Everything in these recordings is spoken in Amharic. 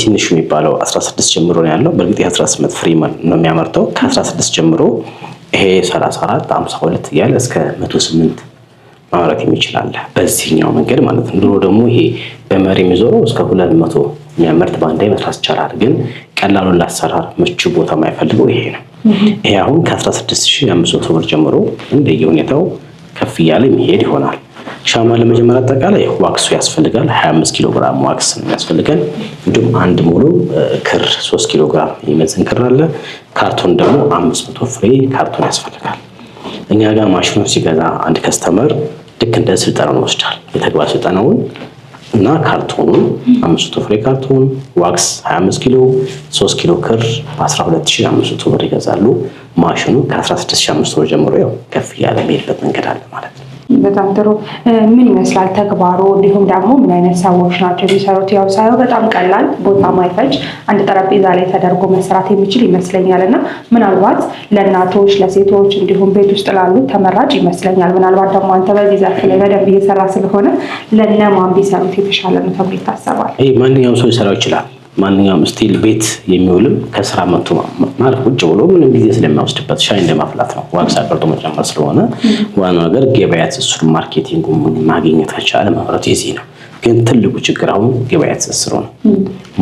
ትንሹ የሚባለው 16 ጀምሮ ነው ያለው። በእርግጥ የ18 ፍሬመን ነው የሚያመርተው። ከ16 ጀምሮ ይሄ 34 52 እያለ እስከ 108 ማምረት የሚችላለ በዚህኛው መንገድ ማለት ነው። ድሮ ደግሞ ይሄ በመሪ የሚዞረው እስከ 200 የሚያመርት በአንድ መስራት ይቻላል። ግን ቀላሉን ለአሰራር ምቹ ቦታ የማይፈልገው ይሄ ነው። ይሄ አሁን ከ16500 ብር ጀምሮ እንደየ ሁኔታው ከፍ እያለ የሚሄድ ይሆናል። ሻማ ለመጀመር አጠቃላይ ዋክሱ ያስፈልጋል። 25 ኪሎ ግራም ዋክስ የሚያስፈልገን እንዲሁም አንድ ሙሉ ክር 3 ኪሎ ግራም የሚመዝን ክር አለ። ካርቶን ደግሞ 500 ፍሬ ካርቶን ያስፈልጋል። እኛ ጋር ማሽኑን ሲገዛ አንድ ከስተመር ልክ እንደ ስልጠናውን ይወስዳል። የተግባር ስልጠናውን እና ካርቶኑን 500 ፍሬ ካርቶን ዋክስ 25 ኪሎ 3 ኪሎ ክር 12500 ብር ይገዛሉ። ማሽኑ ከ16500 ጀምሮ ያው ከፍ እያለ የሚሄድበት መንገድ አለ ማለት ነው። በጣም ጥሩ። ምን ይመስላል ተግባሩ? እንዲሁም ደግሞ ምን አይነት ሰዎች ናቸው የሚሰሩት? ያው ሳየው በጣም ቀላል ቦታ ማይፈጅ አንድ ጠረጴዛ ላይ ተደርጎ መስራት የሚችል ይመስለኛል እና ምናልባት ለእናቶች፣ ለሴቶች እንዲሁም ቤት ውስጥ ላሉት ተመራጭ ይመስለኛል። ምናልባት ደግሞ አንተ በዚህ ዘርፍ ላይ በደንብ እየሰራ ስለሆነ ለነማን ቢሰሩት የተሻለ ነው ተብሎ ይታሰባል? ማንኛውም ሰው ሊሰራው ይችላል። ማንኛውም ስቲል ቤት የሚውልም ከስራ መቶ ማለት ውጭ ብሎ ምንም ጊዜ ስለሚያወስድበት ሻይ እንደማፍላት ነው። ዋግስ አቅርጦ መጨመር ስለሆነ ዋናው ነገር ገበያ ትስስሩ ማርኬቲንጉ ማግኘት ከቻለ መምረት የዚህ ነው። ግን ትልቁ ችግር አሁን ገበያ ትስስሩ ነው።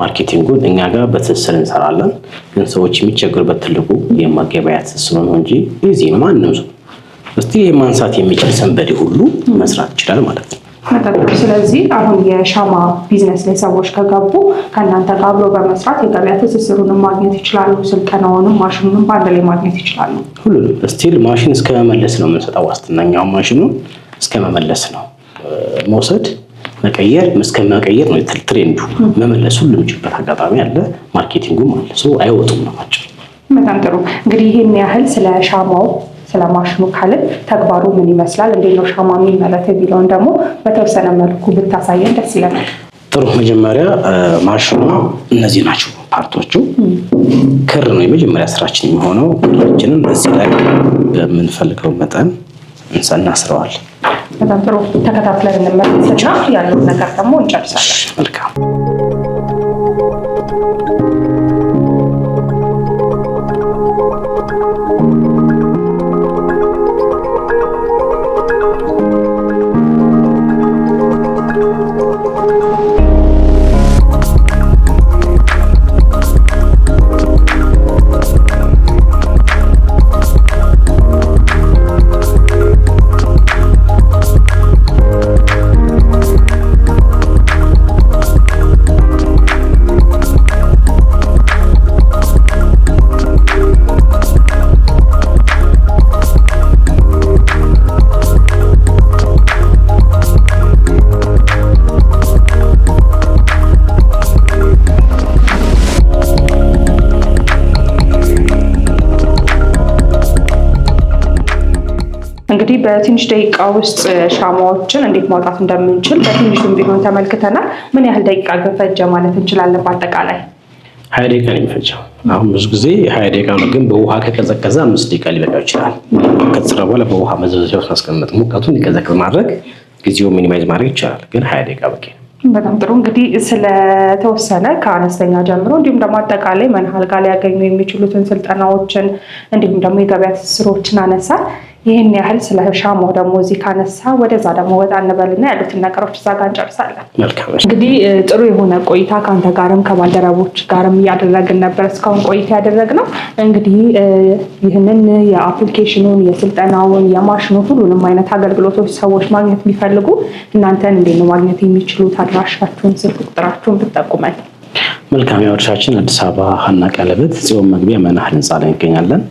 ማርኬቲንጉን እኛ ጋር በትስስር እንሰራለን፣ ግን ሰዎች የሚቸግሩበት ትልቁ የገበያ ትስስሩ ነው እንጂ የዚህ ነው። ማንም ሰው እስቲ ማንሳት የሚችል ሰንበዴ ሁሉ መስራት ይችላል ማለት ነው። መጠጦች። ስለዚህ አሁን የሻማ ቢዝነስ ላይ ሰዎች ከገቡ ከእናንተ ጋር አብሮ በመስራት የገበያ ትስስሩንም ማግኘት ይችላሉ። ስልጠናውንም ማሽኑንም በአንድ ላይ ማግኘት ይችላሉ። ሁሉንም ስቲል ማሽን እስከ መመለስ ነው የምንሰጠው ዋስትናኛውን ማሽኑን እስከ መመለስ ነው መውሰድ መቀየር እስከ መቀየር ነው ትሬንዱ። መመለስ ሁሉም ችበት አጋጣሚ አለ፣ ማርኬቲንጉም አለ። ሰው አይወጡም ነው። ማጭ። በጣም ጥሩ እንግዲህ ይህን ያህል ስለ ሻማው ስለ ማሽኑ ካልን ተግባሩ ምን ይመስላል፣ እንዴት ነው ሻማ የሚመረት የሚለውን ደግሞ በተወሰነ መልኩ ብታሳየን ደስ ይለናል። ጥሩ። መጀመሪያ ማሽኑ እነዚህ ናቸው ፓርቶቹ። ክር ነው የመጀመሪያ ስራችን የሚሆነው። ክራችንን በዚህ ላይ በምንፈልገው መጠን እናስረዋል። በጣም ጥሩ። ተከታትለን እንመለስና ያለውን ነገር ደግሞ እንጨርሳለን። መልካም በትንሽ ደቂቃ ውስጥ ሻማዎችን እንዴት ማውጣት እንደምንችል በትንሹም ቢሆን ተመልክተናል። ምን ያህል ደቂቃ ግን ፈጀ ማለት እንችላለን? በአጠቃላይ ሀያ ደቂቃ ነው የሚፈጀው። አሁን ብዙ ጊዜ ሀያ ደቂቃ ነው፣ ግን በውሃ ከቀዘቀዘ አምስት ደቂቃ ሊበቃው ይችላል። ከተሰራ በኋላ በውሃ መዘብዘብ ማስቀመጥ፣ ሙቀቱን እንዲቀዘቅዝ ማድረግ፣ ጊዜው ሚኒማይዝ ማድረግ ይቻላል፣ ግን ሀያ ደቂቃ በቂ ነው። በጣም ጥሩ እንግዲህ ስለተወሰነ ከአነስተኛ ጀምሮ እንዲሁም ደግሞ አጠቃላይ መንሃል ጋር ሊያገኙ የሚችሉትን ስልጠናዎችን እንዲሁም ደግሞ የገበያ ትስስሮችን አነሳ ይህን ያህል ስለ ሻሞ ደግሞ እዚህ ካነሳ ወደዛ ደግሞ ወጣ እንበልና ያሉትን ነገሮች እዛ ጋር እንጨርሳለን። እንግዲህ ጥሩ የሆነ ቆይታ ከአንተ ጋርም ከባልደረቦች ጋርም እያደረግን ነበር እስካሁን ቆይታ ያደረግነው። እንግዲህ ይህንን የአፕሊኬሽኑን፣ የስልጠናውን፣ የማሽኑ ሁሉንም አይነት አገልግሎቶች ሰዎች ማግኘት ቢፈልጉ እናንተን እንዴት ነው ማግኘት የሚችሉት? አድራሻችሁን፣ ስልክ ቁጥራችሁን ብትጠቁመን። መልካም። ያወርሻችን አዲስ አበባ ሀና ቀለበት ጽዮን መግቢያ መናህል ህንፃ ላይ እንገኛለን።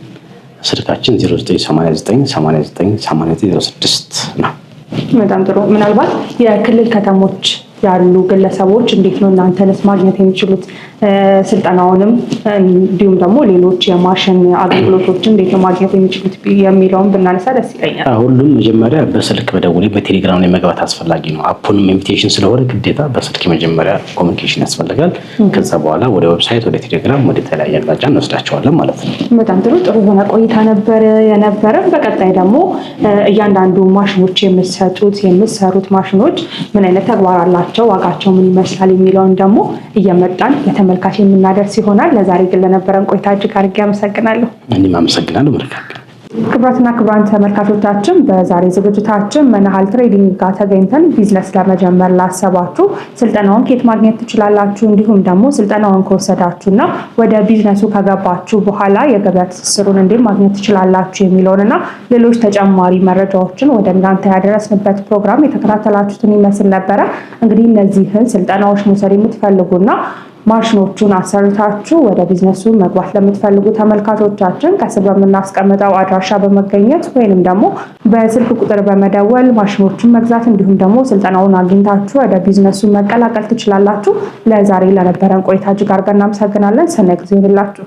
ስልካችን 0989898906 ነው። በጣም ጥሩ። ምናልባት የክልል ከተሞች ያሉ ግለሰቦች እንዴት ነው እናንተንስ ማግኘት የሚችሉት? ስልጠናውንም እንዲሁም ደግሞ ሌሎች የማሽን አገልግሎቶችን እንዴት ማግኘት የሚችሉት የሚለውን ብናነሳ ደስ ይለኛል። ሁሉም መጀመሪያ በስልክ በደውሌ በቴሌግራም ላይ መግባት አስፈላጊ ነው። አፑንም ኢንቪቴሽን ስለሆነ ግዴታ በስልክ መጀመሪያ ኮሚኒኬሽን ያስፈልጋል። ከዛ በኋላ ወደ ዌብሳይት፣ ወደ ቴሌግራም፣ ወደ ተለያየ አቅጣጫ እንወስዳቸዋለን ማለት ነው። በጣም ጥሩ ጥሩ የሆነ ቆይታ ነበር የነበረም በቀጣይ ደግሞ እያንዳንዱ ማሽኖች የምሰጡት የምሰሩት ማሽኖች ምን አይነት ተግባር አላቸው፣ ዋጋቸው ምን ይመስላል የሚለውን ደግሞ እየመጣን ተመልካች የምናደርስ ይሆናል። ለዛሬ ግን ለነበረን ቆይታ እጅግ አድርጌ አመሰግናለሁ። እኔም አመሰግናለሁ። ክቡራትና ክብራን ተመልካቾቻችን በዛሬ ዝግጅታችን መናሃል ትሬዲንግ ጋር ተገኝተን ቢዝነስ ለመጀመር ላሰባችሁ ስልጠናውን ኬት ማግኘት ትችላላችሁ፣ እንዲሁም ደግሞ ስልጠናውን ከወሰዳችሁና ወደ ቢዝነሱ ከገባችሁ በኋላ የገበያ ትስስሩን እንዴት ማግኘት ትችላላችሁ የሚለውንና ሌሎች ተጨማሪ መረጃዎችን ወደ እናንተ ያደረስንበት ፕሮግራም የተከታተላችሁትን ይመስል ነበረ። እንግዲህ እነዚህን ስልጠናዎች መውሰድ የምትፈልጉና ማሽኖቹን አሰርታችሁ ወደ ቢዝነሱ መግባት ለምትፈልጉ ተመልካቾቻችን ከስር በምናስቀምጠው አድራሻ በመገኘት ወይንም ደግሞ በስልክ ቁጥር በመደወል ማሽኖቹን መግዛት እንዲሁም ደግሞ ስልጠናውን አግኝታችሁ ወደ ቢዝነሱ መቀላቀል ትችላላችሁ። ለዛሬ ለነበረን ቆይታ እጅግ አድርገን እናመሰግናለን። ሰነ ጊዜ ይሁንላችሁ።